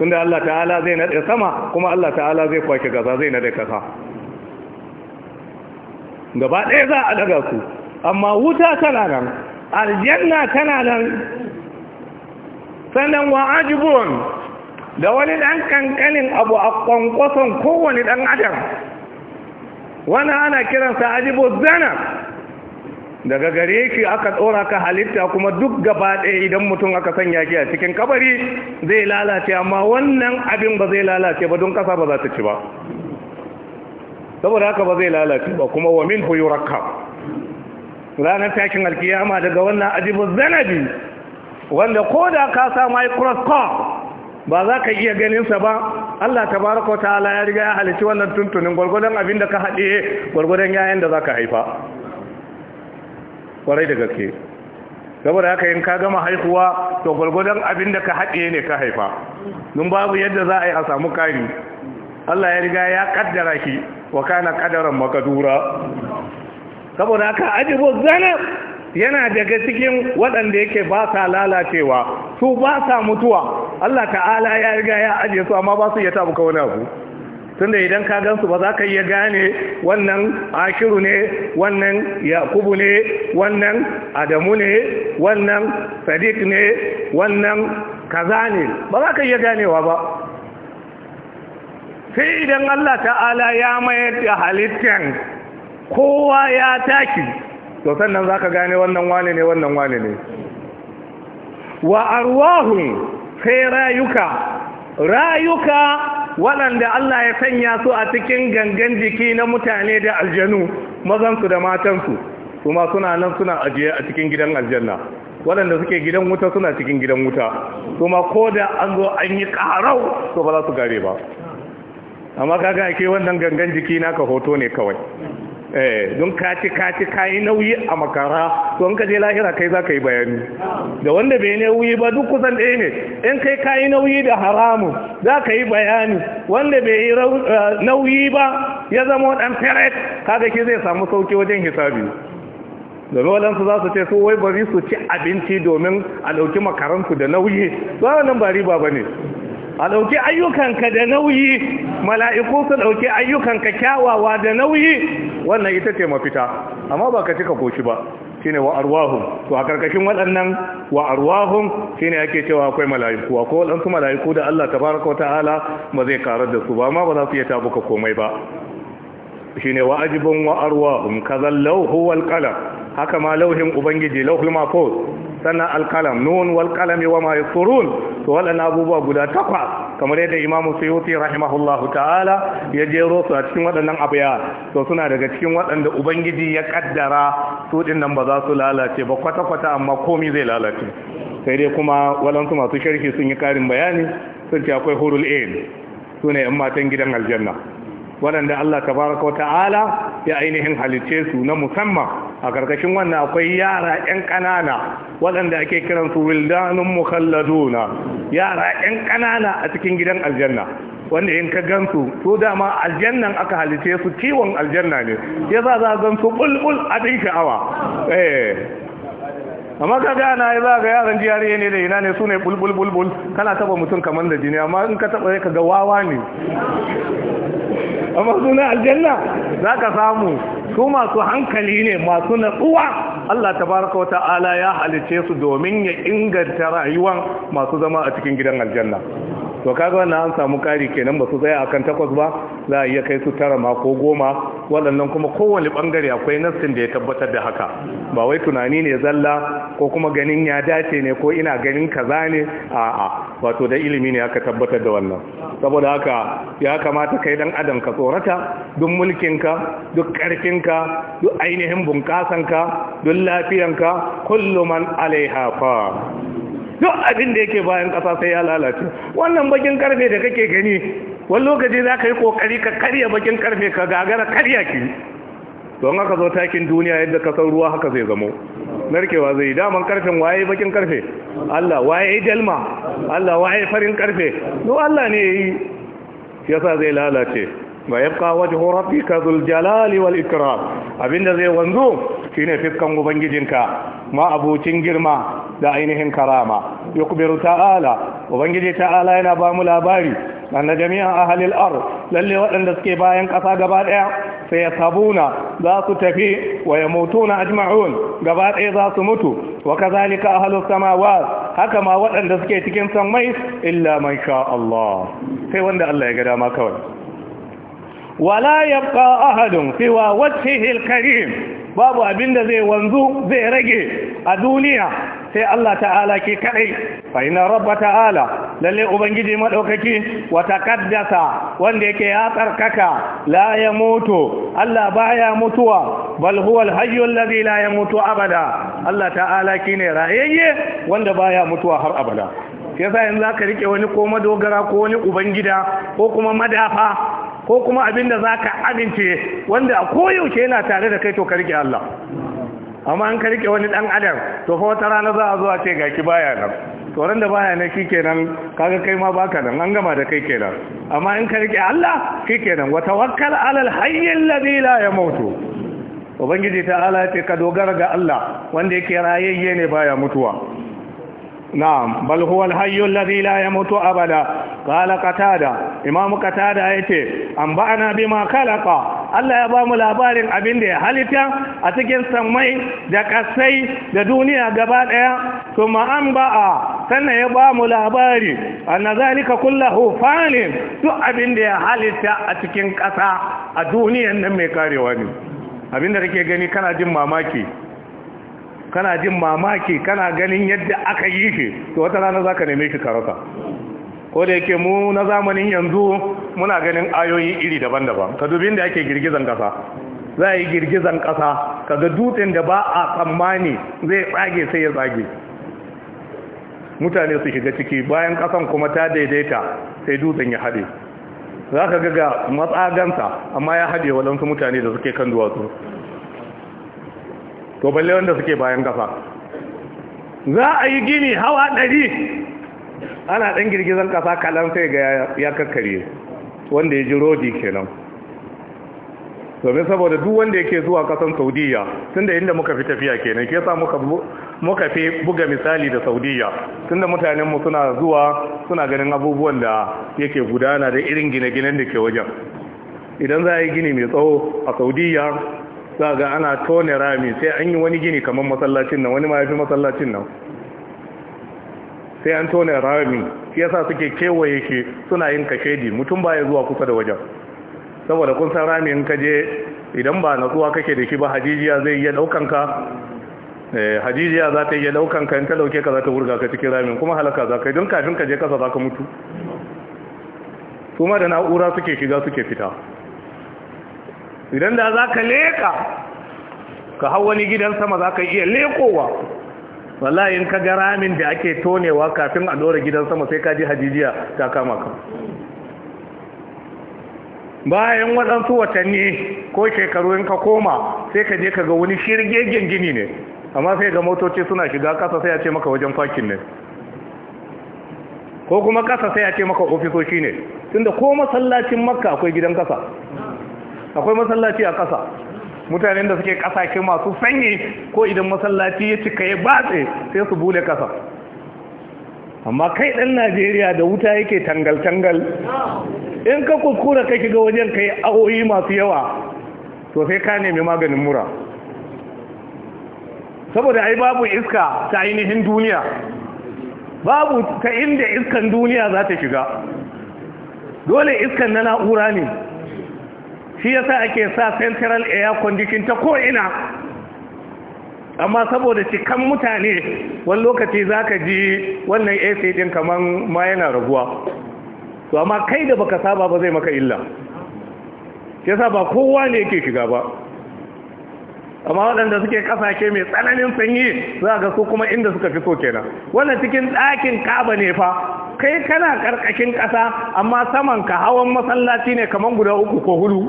tunda Allah ta'ala zai nade sama kuma Allah ta'ala zai kwake gaza zai nade kasa gaba ɗaya za a daga su amma wuta tana nan aljanna tana nan sannan wa ajibun da wani ɗan ƙanƙanin abu a kwankwason kowane ɗan adam wannan ana kiransa ajibu zana daga gare shi aka tsora ka halitta kuma duk gaba ɗaya idan mutum aka sanya ki a cikin kabari zai lalace amma wannan abin ba zai lalace ba don kasa ba za ta ci ba saboda haka ba zai lalace ba kuma wa min huyu rakka ranar tashin alkiyama daga wannan ajibu zanabi wanda ko da ka sa microscope ba za ka iya ganinsa ba Allah ta baraka ta'ala ya riga ya halici wannan tuntunin gwargwadon abin da ka haɗe gwargwadon yayan da za ka haifa ƙwarai da gaske saboda haka yin ka gama haihuwa to gwargwadon abin da ka haɗe ne ka haifa nun babu yadda za a yi a samu kari Allah ya riga ya ƙaddara ki wa kana ƙadaran makadura saboda haka ajiru zanar yana daga cikin waɗanda yake ba sa lalacewa su ba sa mutuwa Allah ta'ala ya riga ya aje su amma ba su iya tabuka wani abu tunda idan ka gansu ba za ka iya gane wannan akiru ne wannan yakubu ne wannan adamu ne wannan sadiq ne wannan kaza ne ba za ka iya ganewa ba sai idan Allah ta'ala ya mayar da halittan kowa ya taki to sannan za ka gane wannan wane ne wannan wane ne wa arwahun sai rayuka rayuka waɗanda Allah ya sanya su a cikin gangan jiki na mutane da aljanu mazansu da matansu kuma suna nan suna ajiye a cikin gidan aljanna waɗanda suke gidan wuta suna cikin gidan wuta kuma ko da an zo an yi ƙarau to ba za su gare ba amma kaga ake wannan gangan jiki naka hoto ne kawai Eh, don kaci kaci yi nauyi a makara to in ka je lahira kai za ka yi bayani da wanda bai nauyi ba duk kusan ɗaya ne in kai kayi nauyi da haramu za ka yi bayani wanda bai yi eh, nauyi ba ya zama ɗan ferret kaga shi zai samu sauki wajen hisabi domin waɗansu za su ce su wai bari su ci abinci domin a ɗauki makaransu da nauyi ba wannan ba riba ba ne a ɗauki ayyukanka da nauyi mala'iku su ɗauki ayyukanka kyawawa da nauyi wannan ita ce mafita amma ba ka cika koshi ba shi ne wa’arwahun to a ƙarƙashin waɗannan wa’arwahun shi ne ake cewa akwai mala'iku akwai waɗansu mala'iku da Allah Ta tabaraka wa ta'ala ba zai karar da su ba ma ba za su iya tabuka komai ba shine wa ajibun wa arwahum kazal lawhu haka ma lauhin ubangiji lauhul mahfuz sannan alkalam nun wal qalami wa ma yasurun to waɗannan abubuwa guda takwas kamar yadda imamu suyuti rahimahullahu ta'ala ya jero su a cikin waɗannan ya to suna daga cikin waɗanda ubangiji ya kaddara su din nan ba za su lalace ba kwata kwata amma komi zai lalace sai dai kuma walansu masu sharhi sun yi karin bayani sun ce akwai hurul ain su ne yan matan gidan aljanna waɗanda Allah tabaraka wa ta'ala ya ainihin halitte su na musamman a ƙarƙashin wannan akwai yara 'yan ƙanana waɗanda ake kiran su wildanun mukhalladuna yara 'yan ƙanana a cikin gidan aljanna wanda in ka gansu su dama aljannan aka halitte su ciwon aljanna ne ya za gansu bulbul abin sha'awa eh. amma ka gana ya za ga yaran jiyariya ne da ina ne su ne bulbul kana taba mutum kamar da jini amma in ka taba ya ka ga wawa ne amma suna aljanna za ka samu su masu hankali ne masu natsuwa Allah Ta baraka wa ta'ala ya halice su domin ya inganta rayuwan masu zama a cikin gidan aljanna to kaga wannan an samu kari kenan ba su tsaya akan takwas ba za a iya kai su tara ma ko goma waɗannan kuma kowane bangare akwai nassin da ya tabbatar da haka ba wai tunani ne zalla ko kuma ganin ya dace ne ko ina ganin kaza ne a'a wato da ilimi ne aka tabbatar da wannan saboda haka ya kamata kai dan adam ka tsorata duk mulkinka duk karfinka duk ainihin bunƙasanka duk lafiyanka kullu man alaiha fa duk abin da yake bayan ƙasa sai ya lalace wannan bakin karfe da kake gani wani lokaci za ka yi ƙoƙari ka karya bakin karfe ka gagara karya ki don haka zo takin duniya yadda ka san ruwa haka zai zamo narkewa zai yi daman karfin waye bakin karfe Allah waye dalma Allah waye farin karfe duk Allah ne ya yasa zai lalace ba ya wajhu rabbika dhul jalali wal ikram abinda zai wanzu shine fiskan ubangijinka ma abocin girma da ainihin karama yukbiru ta'ala ubangiji ta'ala yana ba mu labari anna jami'an ahlil ard lalle waɗanda suke bayan ƙasa gaba ɗaya sai sabuna za su tafi wa yamutuna ajma'un gaba ɗaya za su mutu wa kazalika ahlus samawat haka ma waɗanda suke cikin sammai illa man sha Allah sai wanda Allah ya ga dama kawai wala yabqa ahadun siwa wajhihi al-karim babu abin da zai wanzu zai rage a duniya sai Allah ta'ala ke kadai fa ina rabba ta'ala lalle ubangiji madaukaki wa taqaddasa wanda yake ya tsarkaka la ya Allah baya mutuwa bal huwa al-hayyu alladhi la yamutu abada Allah ta'ala kine rayayye wanda baya mutuwa har abada Ya yasa yanzu ka rike wani ko madogara ko wani ubangida ko kuma madafa ko kuma abin da za ka amince wanda a koyaushe yana tare da kai to ka rike Allah amma an ka rike wani dan adam to fa wata rana za a zo a ce ki baya nan to ran da baya nan shikenan kaga kai ma baka nan an gama da kai kenan amma in ka rike Allah shikenan wata tawakkal alal hanyar ladhi la yamutu ubangiji ta ala ce ka dogara ga Allah wanda yake rayayye ne baya mutuwa na'am bal huwa al ya mutu abada qala qatada imamu ya ce an ba'ana bima khalaqa Allah ya bamu labarin abin da ya halitta a cikin samai da kasai da duniya gaba daya kuma an ba'a sannan ya bamu labari anna ka kullahu fanin duk abin da ya halitta a cikin ƙasa a duniyan nan mai karewa ne abin da kake gani kana jin mamaki kana jin mamaki kana ganin yadda aka yi shi to wata rana za ka neme shi karasa ko da yake mu na zamanin yanzu muna ganin ayoyi iri daban-daban ka dubin da ake girgizan kasa za a yi girgizan kasa ka ga dutsen da ba a tsammani zai tsage sai ya tsage mutane su shiga ciki bayan kasan kuma ta daidaita sai dutsen ya haɗe za ka ga matsagansa amma ya haɗe waɗansu mutane da suke kan duwatsu to balle wanda suke bayan kafa za a yi gini hawa ɗari ana ɗan girgizan kasa kalan sai ga ya kakkare wanda ya ji rodi kenan domin saboda duk wanda yake zuwa kasan saudiya tun da inda muka fi tafiya kenan ke sa muka fi buga misali da saudiya tun da mutanenmu suna zuwa suna ganin abubuwan da yake gudana da irin gine-ginen da ke wajen idan za a yi gini mai tsawo a saudiya za ga ana tone rami sai an yi wani gini kamar masallacin nan wani ma ya fi masallacin nan sai an tone rami shi yasa suke kewaye shi suna yin kashedi mutum ba ya zuwa kusa da wajen saboda kun san rami in kaje idan ba natsuwa kake da shi ba hajijiya zai iya daukan ka eh, hajijiya za ta iya daukan ka in ta dauke ka za ta wurga ka cikin ramin kuma halaka za ka yi don kafin ka je kasa za ka mutu su da na'ura suke shiga suke fita idan da za ka leƙa ka hau wani gidan sama za ka iya lekowa wallahi in ka ga ramin da ake tonewa kafin a dora gidan sama sai ka ji hajijiya ta kama ka bayan waɗansu watanni ko shekaru in ka koma sai ka je ka ga wani shirgegen gini ne amma sai ga motoci suna shiga ƙasa sai a ce maka wajen fakin ne ko kuma ƙasa sai a ce maka ofisoshi ne tunda ko masallacin makka akwai gidan ƙasa akwai masallaci a ƙasa mutanen da suke ƙasashe masu sanyi ko idan masallaci ya cika ya batse sai su bule ƙasa amma kai ɗan najeriya da wuta yake tangal-tangal in ka kukura ka shiga wajen ka yi awoyi masu yawa to sai ka nemi maganin mura saboda ai babu iska ta ainihin duniya babu ta inda iskan duniya za ta shiga dole iskan na na'ura ne shi ya yasa ake sa central air condition ta ko'ina amma saboda cikan mutane wani lokaci za ka ji wannan ac din kamar ma yana raguwa to amma kai da baka saba ba zai maka illa sa ba kowa ne yake shiga ba amma waɗanda suke kasashe mai tsananin sanyi za ga su kuma inda suka fi so kenan wannan cikin ɗakin kaba ne fa kai kana ƙarƙashin ƙasa amma saman ka hawan masallaci ne kamar guda uku ko hudu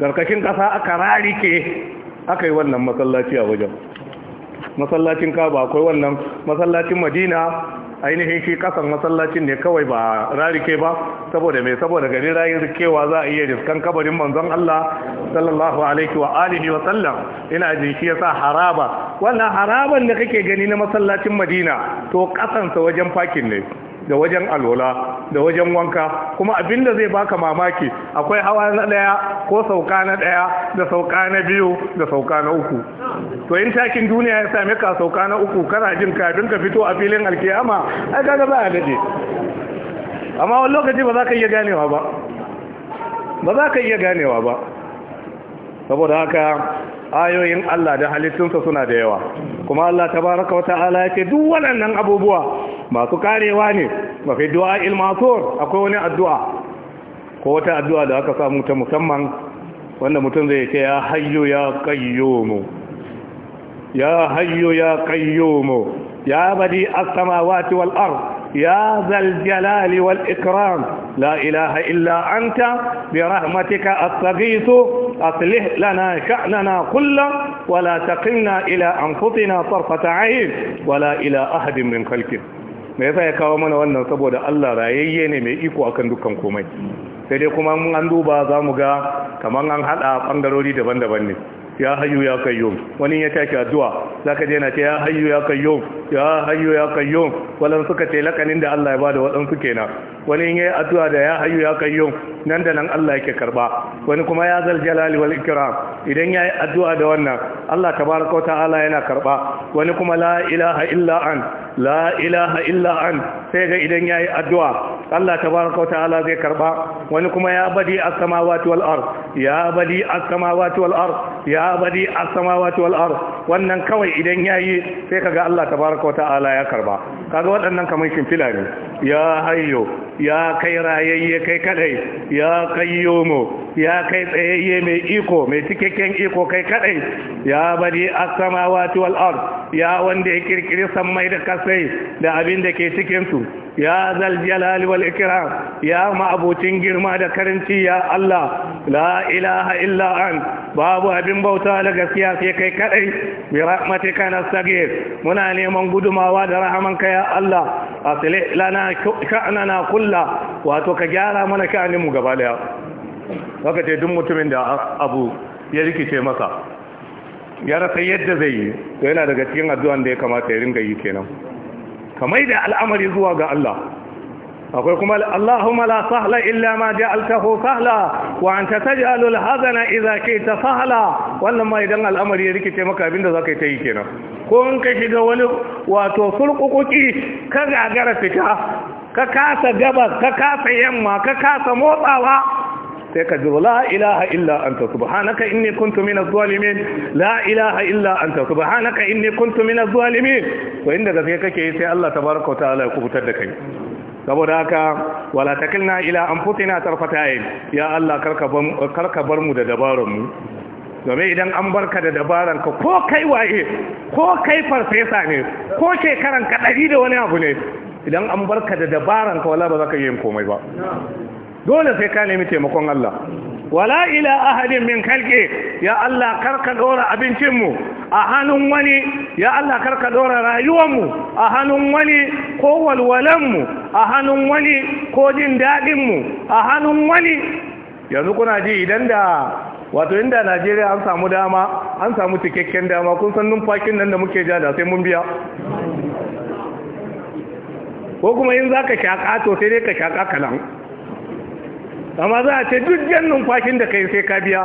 karkashin kasa aka rarike aka yi wannan masallaci a wajen masallacin kaba akwai wannan masallacin madina ainihin shi kasan masallacin ne kawai ba rarike ba saboda mai saboda gari rayin rikewa za a iya diskan kabarin manzon Allah sallallahu alaihi wa alihi wa sallam ina jin shi yasa haraba wannan haraban da kake gani na masallacin Madina to kasan sa wajen fakin ne da wajen alwala da wajen wanka kuma abin da zai baka mamaki akwai hawa na ɗaya ko sauka na ɗaya da sauka na biyu da sauka na uku to in takin duniya ya same ka sauka na uku kana jin kafin ka fito a filin alkiyama ai ga ba a daɗe amma wani lokaci ba za ka iya ganewa ba ba za ka iya ganewa ba saboda haka ayoyin Allah da halittunsa suna da yawa kuma Allah tabaraka wa ta'ala ce duk waɗannan abubuwa masu karewa ne wa fi du'a il masur akwai wani addu'a ko wata addu'a da aka samu ta musamman wanda mutum zai ce ya hayyu ya qayyumu ya hayyu ya qayyumu ya badi as-samawati wal ard ya zal jalali wal ikram la ilaha illa anta bi rahmatika astaghithu aslih lana sha'nana kullahu wa la taqilna ila anfusina tarfata 'ayn wa la ila ahadin min khalqika me yasa ya kawo mana wannan saboda Allah rayayye ne mai iko akan dukkan komai sai dai kuma an duba za mu ga kamar an haɗa ɓangarori daban-daban ne ya hayyu ya kayyum wani ya tashi addu'a zaka je na ce ya hayyu ya kayyum ya hayyu ya kayyum walan suka ce lakanin da Allah ya bada waɗansu kenan wani in ya addu'a da ya hayyu ya kayyum nan da nan Allah yake karba wani kuma ya zal jalali wal ikram idan yayi addu'a da wannan Allah tabaraka ta'ala yana karba wani kuma la ilaha illa an la ilaha illa an sai ga idan yayi addu'a Allah tabaraka ta'ala zai karba wani kuma ya badi as-samawati wal ard ya badi as-samawati wal ard ya ya bari a samawati wal ard wannan kawai idan yayi sai kaga Allah tabaraka ta'ala ya karba kaga waɗannan kamar shimfila ne ya hayyo ya kai rayayye kai kadai ya kayyomo ya kai tsayayye mai iko mai cikakken iko kai kadai ya bari a samawati wal ard ya wanda ya kirkiri sammai da kasai da abin da ke cikin ya zal jalal ya ma'abucin girma da karanci ya Allah la ilaha illa an babu abin bauta da gaskiya sai kai kadai bi rahmatika nastagir muna neman gudumawa da rahamanka ya Allah asli lana sha'nana kulla wato ka gyara mana sha'anin mu gaba daya haka ce duk mutumin da abu ya rikice masa ya rasa yadda zai yi to yana daga cikin addu'an da ya kamata ya ringa yi kenan kamar da al'amari zuwa ga Allah akwai kuma Allahumma la sahla illa ma ja'altahu sahla wa anta taj'alul hazana idza kaita sahla wannan ma idan al'amari ya rikice maka abinda zaka yi ta yi kenan ko in ka shiga wani wato sulkukuki ka gagara fita ka kasa gaba, ka kasa yamma ka kasa motsawa sai ka jiro la ilaha illa anta subhanaka inni kuntu minaz zalimin la ilaha illa anta subhanaka inni kuntu minaz zalimin to inda gaske kake sai Allah tabaraka wa ta'ala ya kubutar da kai saboda haka wala takilna ila anfusina tarfatayn ya Allah karka bar mu da dabaran mu domin idan an barka da dabaran ka ko kai waye ko kai farfesa ne ko ke karanka dari da wani abu ne idan an barka da dabaran ka wala ba za ka yi komai ba dole sai ka nemi taimakon Allah wala ila ahadin min kalke ya Allah karka dora abincinmu a hannun wani ya Allah karka dora mu a hannun wani ko walwalan mu a hannun wani ko jin mu a hannun wani yanzu kuna ji idan da wato inda Najeriya an samu dama an samu cikakken dama kun san numfakin nan da muke jada sai mun biya ko kuma in zaka shaka to sai dai ka shaka kalan amma za a ce duk jan numfashin da yi sai ka biya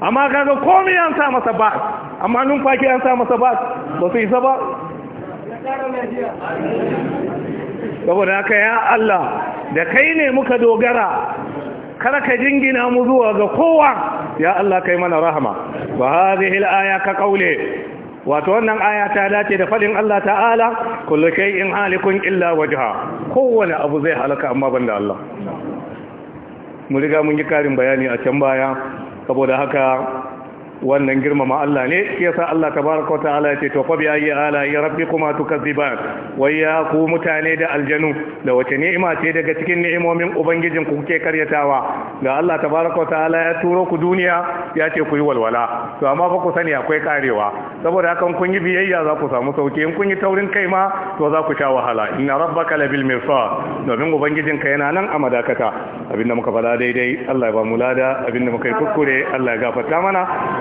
amma kaga komai an sa masa ba amma numfashi an sa masa ba ba su isa ba saboda haka ya Allah da kai ne muka dogara kada ka jingina mu zuwa ga kowa ya Allah kai mana rahama ba hadhihi al ka qawli wato wannan aya ta dace da faɗin Allah ta'ala kullu shay'in halikun illa wajha kowane abu zai halaka amma banda Allah mu riga mun yi karin bayani a can baya saboda haka wannan girmama Allah ne yasa Allah tabaraka wa ta'ala ya to fa bi ayi ala ya rabbikuma tukaziban wai ya ku mutane da aljanu da wace ni'ima ce daga cikin ni'imomin ubangijin ku kuke karyatawa Da Allah tabaraka wa ta'ala ya turo ku duniya ya ce ku yi walwala to amma fa ku sani akwai karewa saboda hakan kun yi biyayya za ku samu sauki in kun yi taurin kai ma to za ku sha wahala inna rabbaka labil mirsad domin ubangijin ka yana nan a madakata abinda muka faɗa daidai Allah ya ba mu lada abinda muka yi kuskure Allah ya gafarta mana